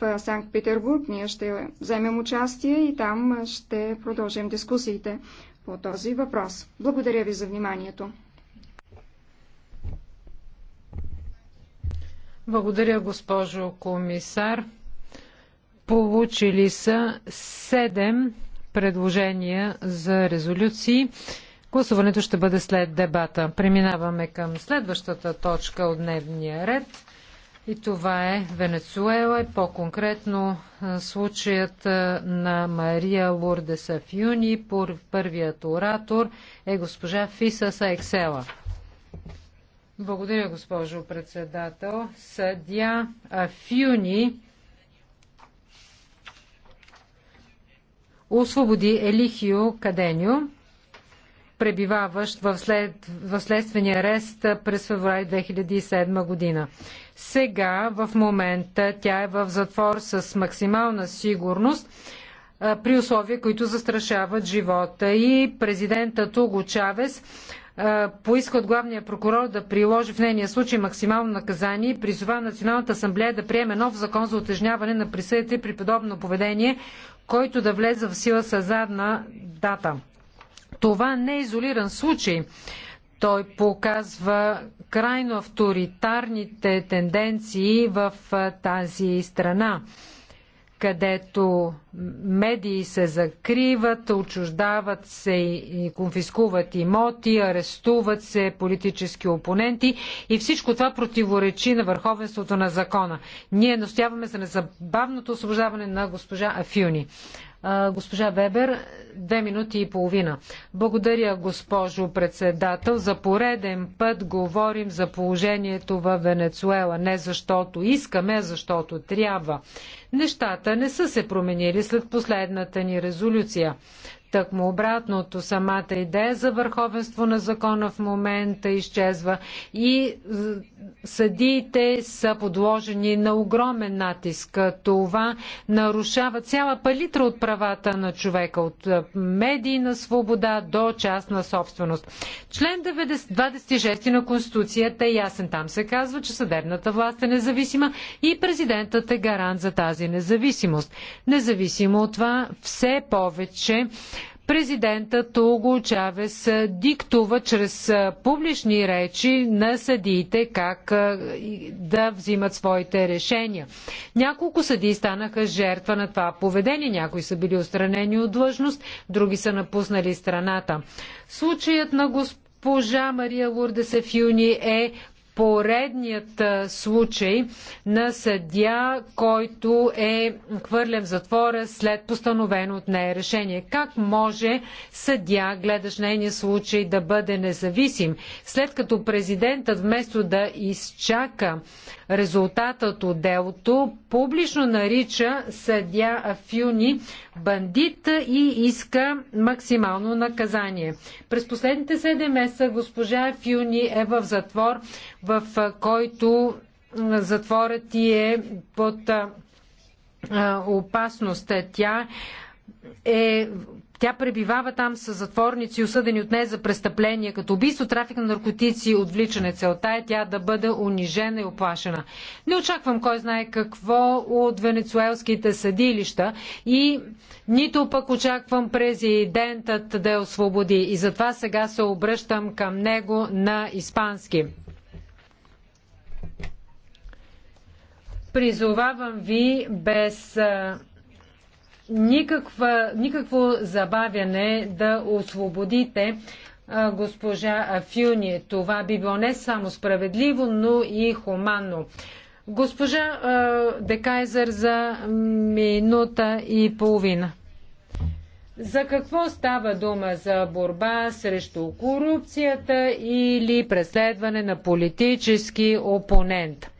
в Санкт-Петербург. Ние ще вземем участие и там ще продължим дискусиите по този въпрос. Благодаря ви за вниманието. Благодаря, госпожо комисар. Получили са седем предложения за резолюции. Гласуването ще бъде след дебата. Преминаваме към следващата точка от дневния ред. И това е Венецуела и по-конкретно случаят на Мария Лурде Сафюни. Първият оратор е госпожа Фиса Саексела. Благодаря, госпожо председател. Съдя Афюни освободи Елихио Каденьо, пребиваващ в, след, в следствения арест през февруари 2007 година. Сега, в момента, тя е в затвор с максимална сигурност при условия, които застрашават живота. И президента Туго Чавес поиска от главния прокурор да приложи в нейния случай максимално наказание и призова Националната асамблея да приеме нов закон за отежняване на присъдите при подобно поведение, който да влезе в сила със задна дата това не е изолиран случай. Той показва крайно авторитарните тенденции в тази страна, където медии се закриват, отчуждават се и конфискуват имоти, арестуват се политически опоненти и всичко това противоречи на върховенството на закона. Ние настояваме за незабавното освобождаване на госпожа Афюни. Госпожа Вебер, две минути и половина. Благодаря, госпожо председател. За пореден път говорим за положението в Венецуела. Не защото искаме, а защото трябва. Нещата не са се променили след последната ни резолюция. Тъкмо обратното, самата идея за върховенство на закона в момента изчезва и съдиите са подложени на огромен натиск. Това нарушава цяла палитра от правата на човека, от е, медийна свобода до частна собственост. Член 26 на Конституцията е ясен. Там се казва, че съдебната власт е независима и президентът е гарант за тази независимост. Независимо от това, все повече президентът Уго Чавес диктува чрез публични речи на съдиите как да взимат своите решения. Няколко съдии станаха жертва на това поведение. Някои са били отстранени от длъжност, други са напуснали страната. Случаят на госпожа Мария Лурдесев Юни е поредният случай на съдя, който е хвърлен в затвора след постановено от нея решение. Как може съдя, гледаш нейния случай, да бъде независим, след като президентът вместо да изчака резултатът от делото, публично нарича съдя Афюни бандит и иска максимално наказание. През последните 7 месеца госпожа Фюни е в затвор, в който затворът и е под опасност. Тя е тя пребивава там с затворници, осъдени от нея за престъпления, като убийство, трафик на наркотици, отвличане. Целта е тя да бъде унижена и оплашена. Не очаквам кой знае какво от венецуелските съдилища и нито пък очаквам президентът да я освободи. И затова сега се обръщам към него на испански. Призовавам ви без никаква, никакво забавяне да освободите госпожа Афюни. Това би било не само справедливо, но и хуманно. Госпожа Декайзер за минута и половина. За какво става дума? За борба срещу корупцията или преследване на политически опонент?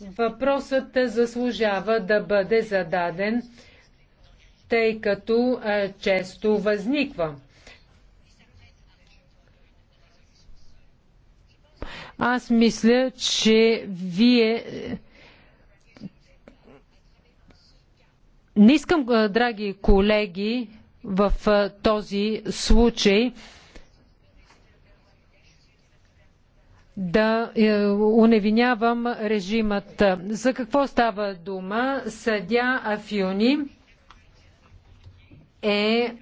Въпросът заслужава да бъде зададен, тъй като е, често възниква. Аз мисля, че вие. Е, не искам, е, драги колеги, в този случай да е, уневинявам режимът. За какво става дума? Съдя Афиони е, е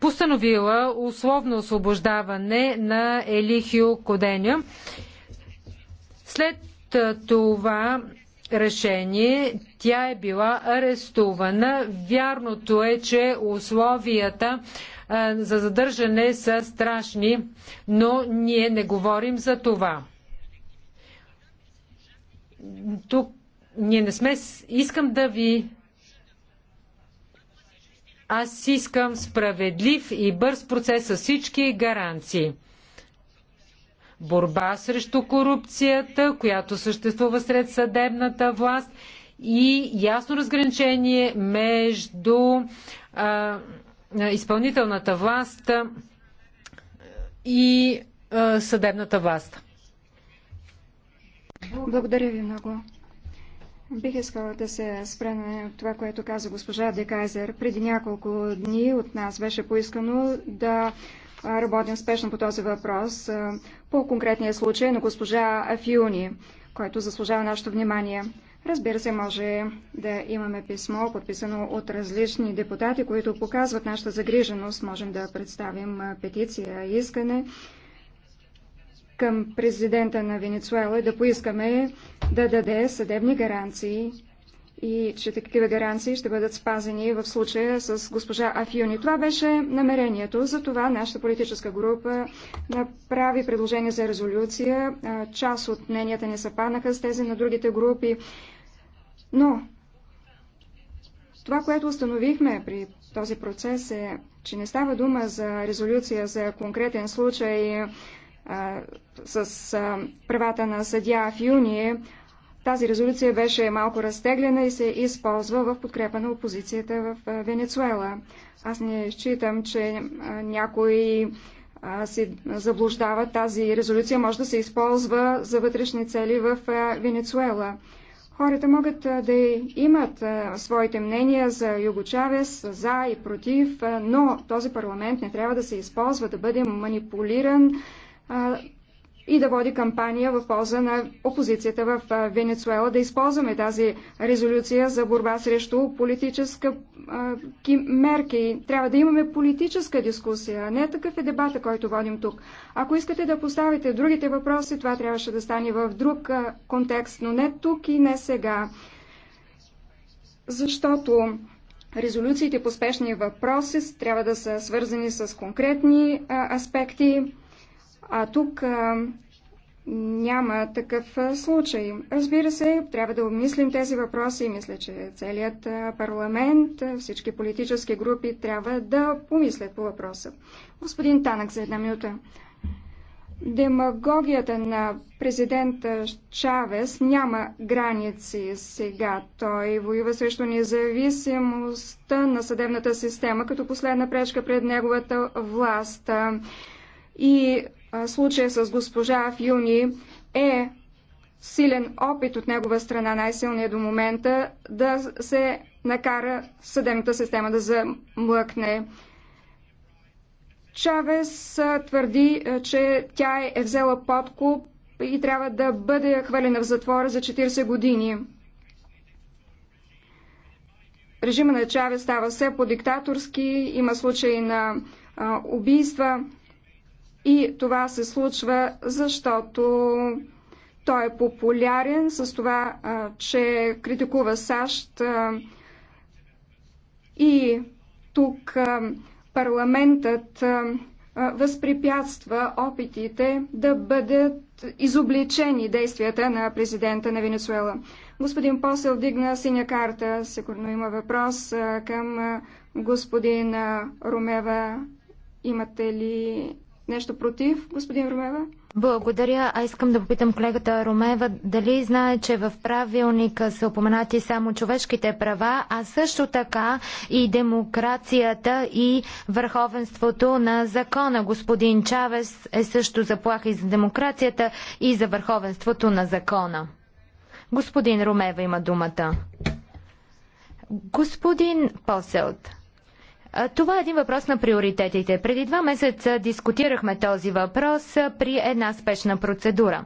постановила условно освобождаване на Елихио Коденя. След е, това решение тя е била арестувана. Вярното е, че условията за задържане са страшни, но ние не говорим за това. Тук ние не сме... Искам да ви аз искам справедлив и бърз процес с всички гаранции. Борба срещу корупцията, която съществува сред съдебната власт и ясно разграничение между а, е, изпълнителната власт е, и е, съдебната власт. Благодаря ви много. Бих искала да се спра на това, което каза госпожа Декайзер. Преди няколко дни от нас беше поискано да работим спешно по този въпрос по конкретния случай на госпожа Афиуни, който заслужава нашето внимание. Разбира се, може да имаме писмо, подписано от различни депутати, които показват нашата загриженост. Можем да представим петиция, искане към президента на Венецуела и да поискаме да даде съдебни гаранции и че такива гаранции ще бъдат спазени в случая с госпожа Афиони. Това беше намерението. За това нашата политическа група направи предложение за резолюция. Част от мненията не съпаднаха с тези на другите групи. Но това, което установихме при този процес е, че не става дума за резолюция за конкретен случай а, с а, правата на съдя в юни. Тази резолюция беше малко разтеглена и се използва в подкрепа на опозицията в Венецуела. Аз не считам, че някой се заблуждава. Тази резолюция може да се използва за вътрешни цели в Венецуела. Хората могат да имат своите мнения за Юго Чавес, за и против, но този парламент не трябва да се използва, да бъде манипулиран и да води кампания в полза на опозицията в Венецуела, да използваме тази резолюция за борба срещу политическа мерки. Трябва да имаме политическа дискусия, не такъв е дебата, който водим тук. Ако искате да поставите другите въпроси, това трябваше да стане в друг контекст, но не тук и не сега. Защото резолюциите по спешни въпроси трябва да са свързани с конкретни аспекти а тук а, няма такъв случай. Разбира се, трябва да обмислим тези въпроси. Мисля, че целият парламент, всички политически групи трябва да помислят по въпроса. Господин Танък, за една минута. Демагогията на президента Чавес няма граници сега. Той воюва срещу независимостта на съдебната система като последна пречка пред неговата власт. И случая с госпожа Филни е силен опит от негова страна, най-силният до момента, да се накара съдебната система да замлъкне. Чавес твърди, че тя е взела подкуп и трябва да бъде хвърлена в затвора за 40 години. Режима на Чавес става все по-диктаторски, има случаи на убийства. И това се случва, защото той е популярен с това, че критикува САЩ. И тук парламентът възпрепятства опитите да бъдат изобличени действията на президента на Венецуела. Господин Посел дигна синя карта. Сигурно има въпрос към господин Ромева. Имате ли Нещо против, господин Ромева? Благодаря. А искам да попитам колегата Ромева дали знае, че в правилника са упоменати само човешките права, а също така и демокрацията и върховенството на закона. Господин Чавес е също заплаха и за демокрацията и за върховенството на закона. Господин Ромева има думата. Господин Поселт. Това е един въпрос на приоритетите. Преди два месеца дискутирахме този въпрос при една спешна процедура.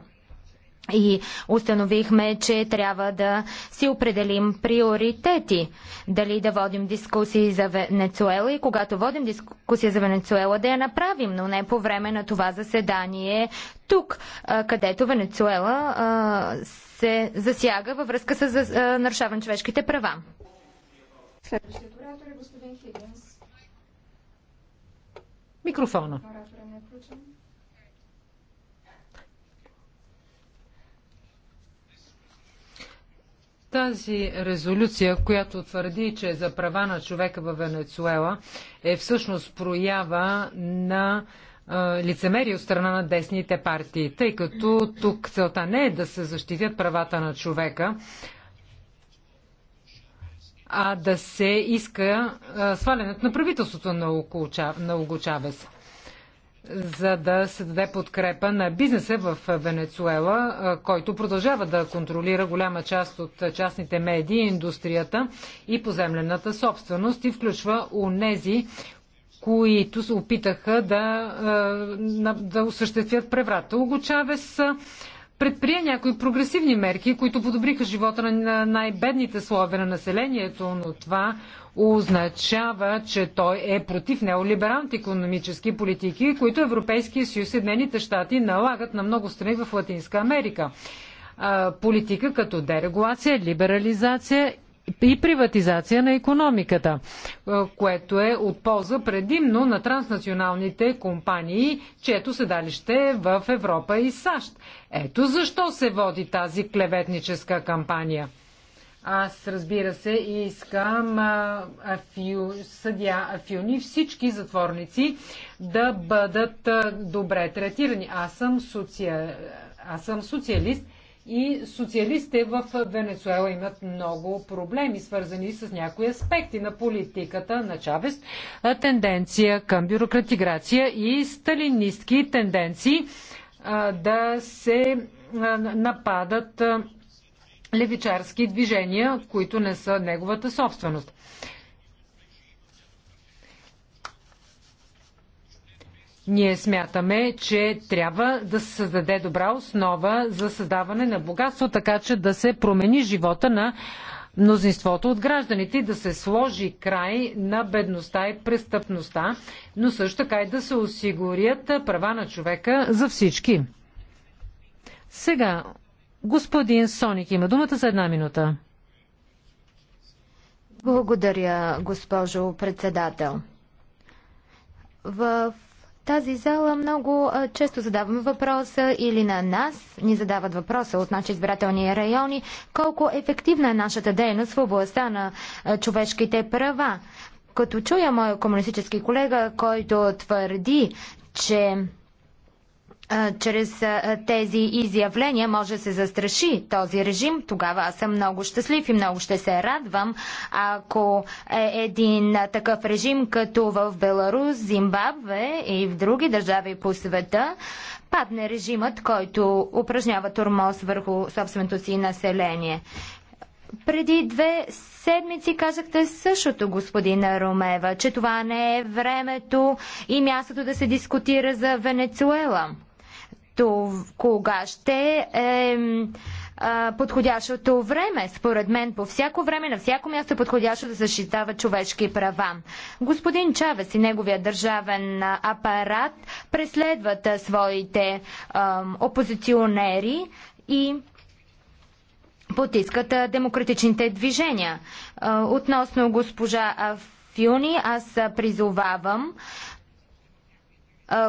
И установихме, че трябва да си определим приоритети. Дали да водим дискусии за Венецуела и когато водим дискусия за Венецуела да я направим, но не по време на това заседание тук, където Венецуела се засяга във връзка с нарушаване човешките права. Следващият оратор е господин Хигинс. Микрофона. Тази резолюция, която твърди, че е за права на човека във Венецуела, е всъщност проява на лицемерие от страна на десните партии, тъй като тук целта не е да се защитят правата на човека, а да се иска а, свалянето на правителството на Уго Чавес, за да се даде подкрепа на бизнеса в Венецуела, а, който продължава да контролира голяма част от частните медии, индустрията и поземлената собственост и включва унези, които се опитаха да, да осъществят преврата. Уго Чавес предприе някои прогресивни мерки, които подобриха живота на най-бедните слове на населението, но това означава, че той е против неолибералните економически политики, които Европейския съюз и Съединените щати налагат на много страни в Латинска Америка. Политика като дерегулация, либерализация и приватизация на економиката, е, което е от полза предимно на транснационалните компании, чието седалище е в Европа и САЩ. Ето защо се води тази клеветническа кампания. Аз, разбира се, искам а, афю, съдя Афюни, всички затворници да бъдат а, добре третирани. Аз съм, социал, аз съм социалист и социалистите в Венецуела имат много проблеми, свързани с някои аспекти на политиката на Чавес, тенденция към бюрократиграция и сталинистки тенденции да се нападат левичарски движения, които не са неговата собственост. Ние смятаме, че трябва да се създаде добра основа за създаване на богатство, така че да се промени живота на мнозинството от гражданите и да се сложи край на бедността и престъпността, но също така и да се осигурят права на човека за всички. Сега, господин Соник има думата за една минута. Благодаря, госпожо председател. В тази зала много а, често задаваме въпроса или на нас ни задават въпроса от нашите избирателни райони, колко ефективна е нашата дейност в областта на а, човешките права. Като чуя моя комунистически колега, който твърди, че чрез тези изявления може да се застраши този режим, тогава аз съм много щастлив и много ще се радвам, ако е един такъв режим, като в Беларус, Зимбабве и в други държави по света, падне режимът, който упражнява тормоз върху собственото си население. Преди две седмици казахте същото, господина Ромева, че това не е времето и мястото да се дискутира за Венецуела кога ще е подходящото време. Според мен по всяко време, на всяко място е подходящо да защитава човешки права. Господин Чавес и неговия държавен апарат преследват своите опозиционери и потискат демократичните движения. Относно госпожа Фюни, аз призовавам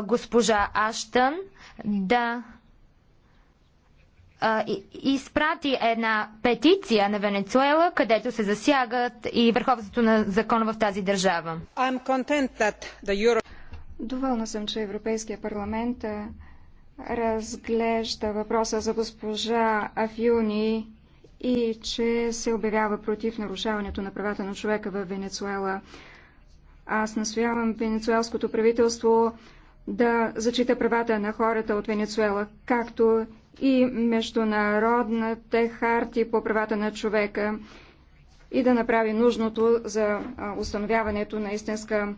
госпожа Аштън да изпрати една петиция на Венецуела, където се засягат и върховството на закона в тази държава. Доволна съм, че Европейския парламент разглежда въпроса за госпожа Афюни и че се обявява против нарушаването на правата на човека в Венецуела. Аз настоявам венецуелското правителство да зачита правата на хората от Венецуела, както и Международната харти по правата на човека и да направи нужното за установяването на истинска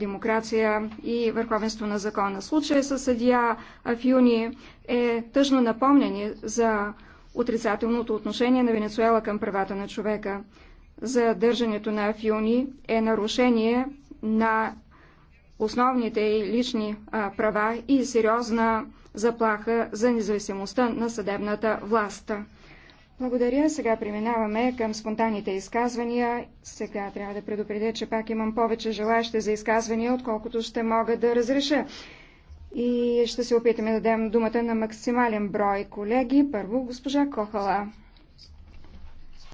демокрация и върховенство на закона. Случая с съдия Афюни е тъжно напомнение за отрицателното отношение на Венецуела към правата на човека. Задържането на Афюни е нарушение на основните лични права и сериозна заплаха за независимостта на съдебната власт. Благодаря. Сега преминаваме към спонтанните изказвания. Сега трябва да предупредя, че пак имам повече желаящи за изказвания, отколкото ще мога да разреша. И ще се опитаме да дадем думата на максимален брой колеги. Първо госпожа Кохала.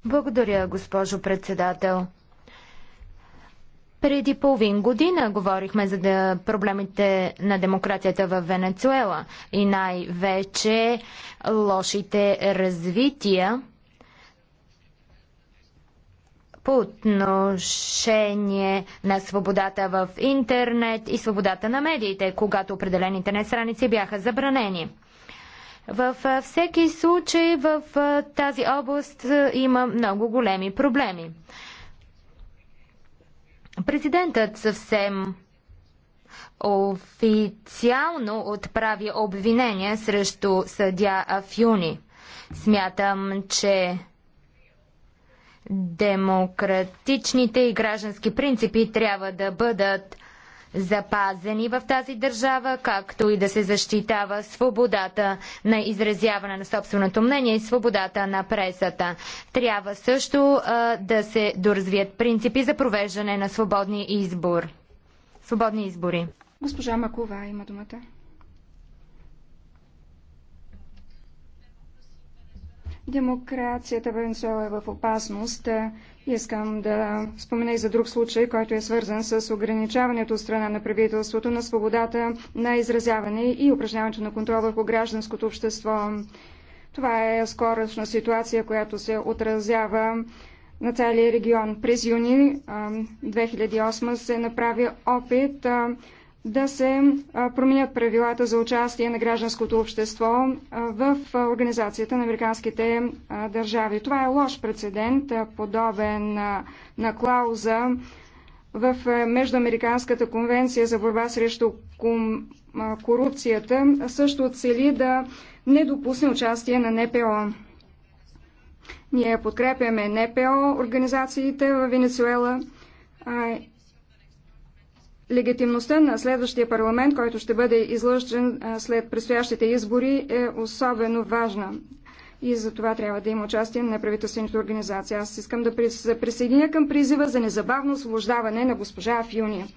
Благодаря, госпожо председател. Преди половин година говорихме за да проблемите на демокрацията в Венецуела и най-вече лошите развития по отношение на свободата в интернет и свободата на медиите, когато определени интернет страници бяха забранени. Във всеки случай в тази област има много големи проблеми. Президентът съвсем официално отправи обвинение срещу съдя Афюни. Смятам, че демократичните и граждански принципи трябва да бъдат запазени в тази държава, както и да се защитава свободата на изразяване на собственото мнение и свободата на пресата. Трябва също а, да се доразвият принципи за провеждане на свободни избор. Свободни избори. Госпожа Макова има думата. Демокрацията в Венесуела е в опасност. Искам да спомена и за друг случай, който е свързан с ограничаването от страна на правителството на свободата на изразяване и упражняването на контрол върху гражданското общество. Това е скорошна ситуация, която се отразява на целия регион. През юни 2008 се направи опит да се променят правилата за участие на гражданското общество в Организацията на американските държави. Това е лош прецедент, подобен на клауза в Междуамериканската конвенция за борба срещу корупцията, също цели да не допусне участие на НПО. Ние подкрепяме НПО, организациите в Венецуела Легитимността на следващия парламент, който ще бъде излъчен след предстоящите избори, е особено важна. И за това трябва да има участие на правителствените организации. Аз искам да се присъединя към призива за незабавно освобождаване на госпожа Афюни.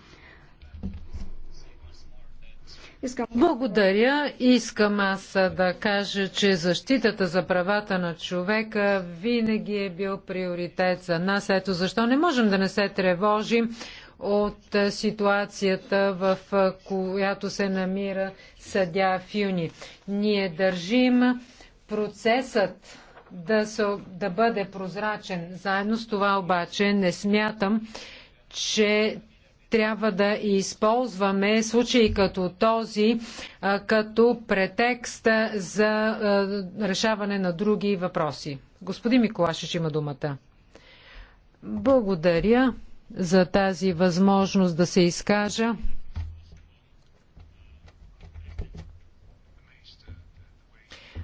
Искам... Благодаря. Искам аз да кажа, че защитата за правата на човека винаги е бил приоритет за нас. Ето защо не можем да не се тревожим от ситуацията, в която се намира съдя Фюни. Ние държим процесът да, се, да бъде прозрачен. Заедно с това обаче не смятам, че трябва да използваме случаи като този като претекст за решаване на други въпроси. Господин Миколашич има думата. Благодаря за тази възможност да се изкажа.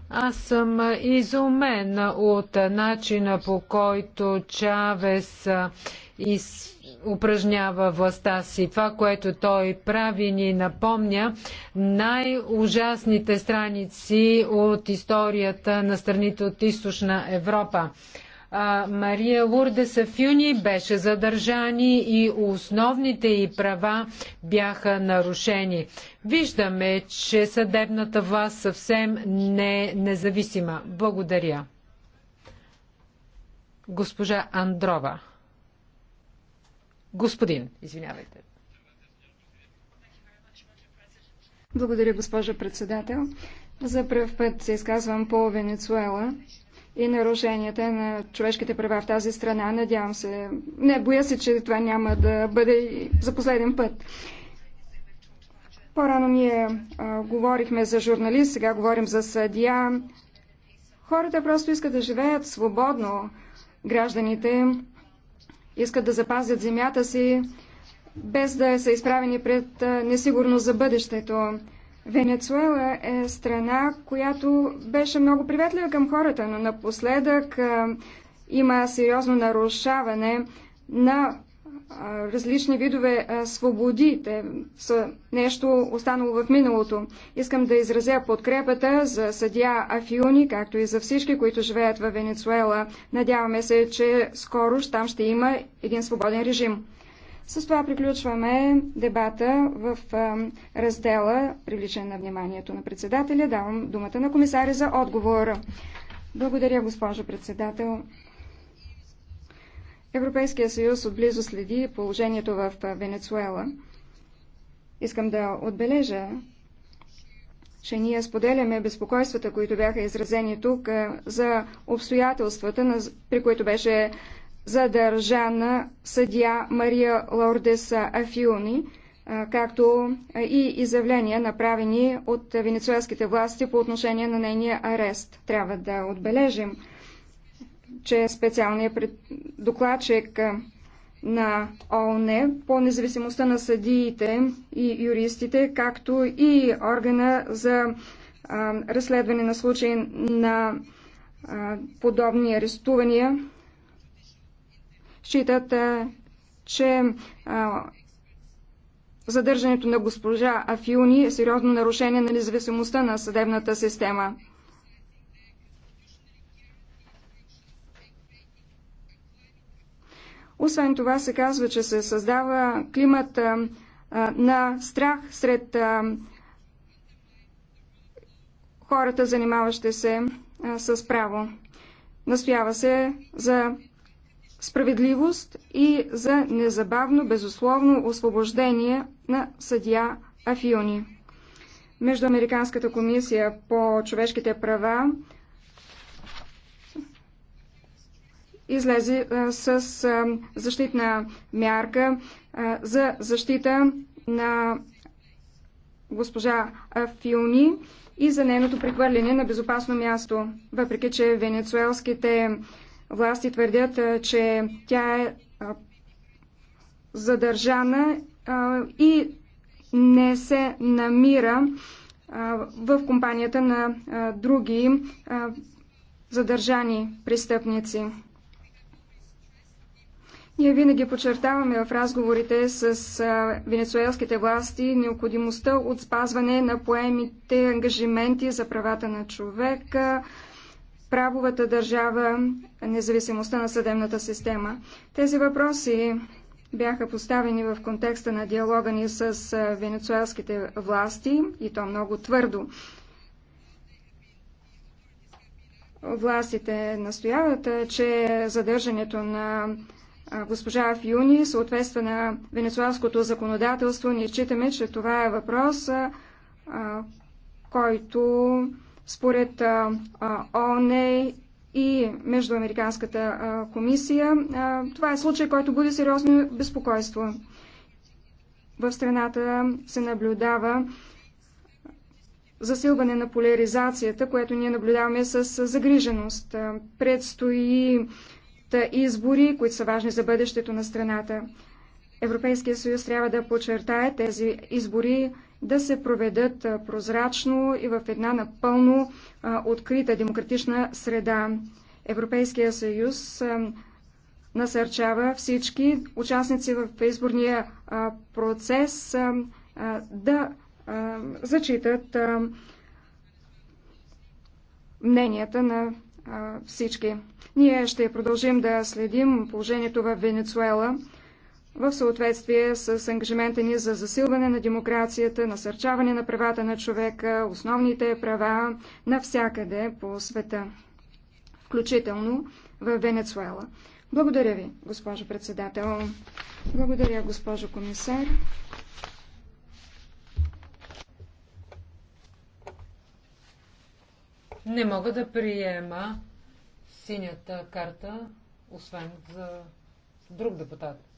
Аз съм изумен от начина по който Чавес из... упражнява властта си. Това, което той прави, ни напомня най-ужасните страници от историята на страните от източна Европа. Мария Лурде Сафюни беше задържани и основните й права бяха нарушени. Виждаме, че съдебната власт съвсем не е независима. Благодаря. Госпожа Андрова. Господин, извинявайте. Благодаря, госпожа председател. За първ път се изказвам по Венецуела и нарушенията на човешките права в тази страна. Надявам се. Не, боя се, че това няма да бъде за последен път. По-рано ние а, говорихме за журналист, сега говорим за съдия. Хората просто искат да живеят свободно. Гражданите искат да запазят земята си, без да са изправени пред несигурност за бъдещето. Венецуела е страна, която беше много приветлива към хората, но напоследък има сериозно нарушаване на различни видове свободи. Те са нещо останало в миналото. Искам да изразя подкрепата за съдия Афиони, както и за всички, които живеят в Венецуела. Надяваме се, че скоро там ще има един свободен режим. С това приключваме дебата в раздела Привличане на вниманието на председателя. Давам думата на комисаря за отговор. Благодаря, госпожо председател. Европейския съюз отблизо следи положението в Венецуела. Искам да отбележа, че ние споделяме безпокойствата, които бяха изразени тук за обстоятелствата, при които беше задържана съдия Мария Лордеса Афиони, както и изявления, направени от венецуелските власти по отношение на нейния арест. Трябва да отбележим, че специалният докладчик на ООН по независимостта на съдиите и юристите, както и органа за разследване на случаи на подобни арестувания считат, е, че е, задържането на госпожа Афиони е сериозно нарушение на независимостта на съдебната система. Освен това се казва, че се създава климат е, на страх сред хората, занимаващи се с право. Настоява се за справедливост и за незабавно безусловно освобождение на съдия Афиони. Между Американската комисия по човешките права излезе с защитна мярка за защита на госпожа Афиони и за нейното прехвърляне на безопасно място. Въпреки, че венецуелските власти твърдят, че тя е задържана и не се намира в компанията на други задържани престъпници. Ние винаги подчертаваме в разговорите с венецуелските власти необходимостта от спазване на поемите ангажименти за правата на човека, правовата държава, независимостта на съдебната система. Тези въпроси бяха поставени в контекста на диалога ни с венецуелските власти и то много твърдо. Властите настояват, че задържането на госпожа Фюни съответства на венецуелското законодателство. Ние считаме, че това е въпрос, който според ООН и Междуамериканската комисия, това е случай, който буди сериозно безпокойство. В страната се наблюдава засилване на поляризацията, което ние наблюдаваме с загриженост. Предстои избори, които са важни за бъдещето на страната. Европейския съюз трябва да подчертае тези избори да се проведат прозрачно и в една напълно открита демократична среда. Европейския съюз насърчава всички участници в изборния процес да зачитат мненията на всички. Ние ще продължим да следим положението в Венецуела в съответствие с ангажимента ни за засилване на демокрацията, насърчаване на правата на човека, основните права навсякъде по света, включително в Венецуела. Благодаря ви, госпожо председател. Благодаря, госпожо комисар. Не мога да приема синята карта, освен за друг депутат.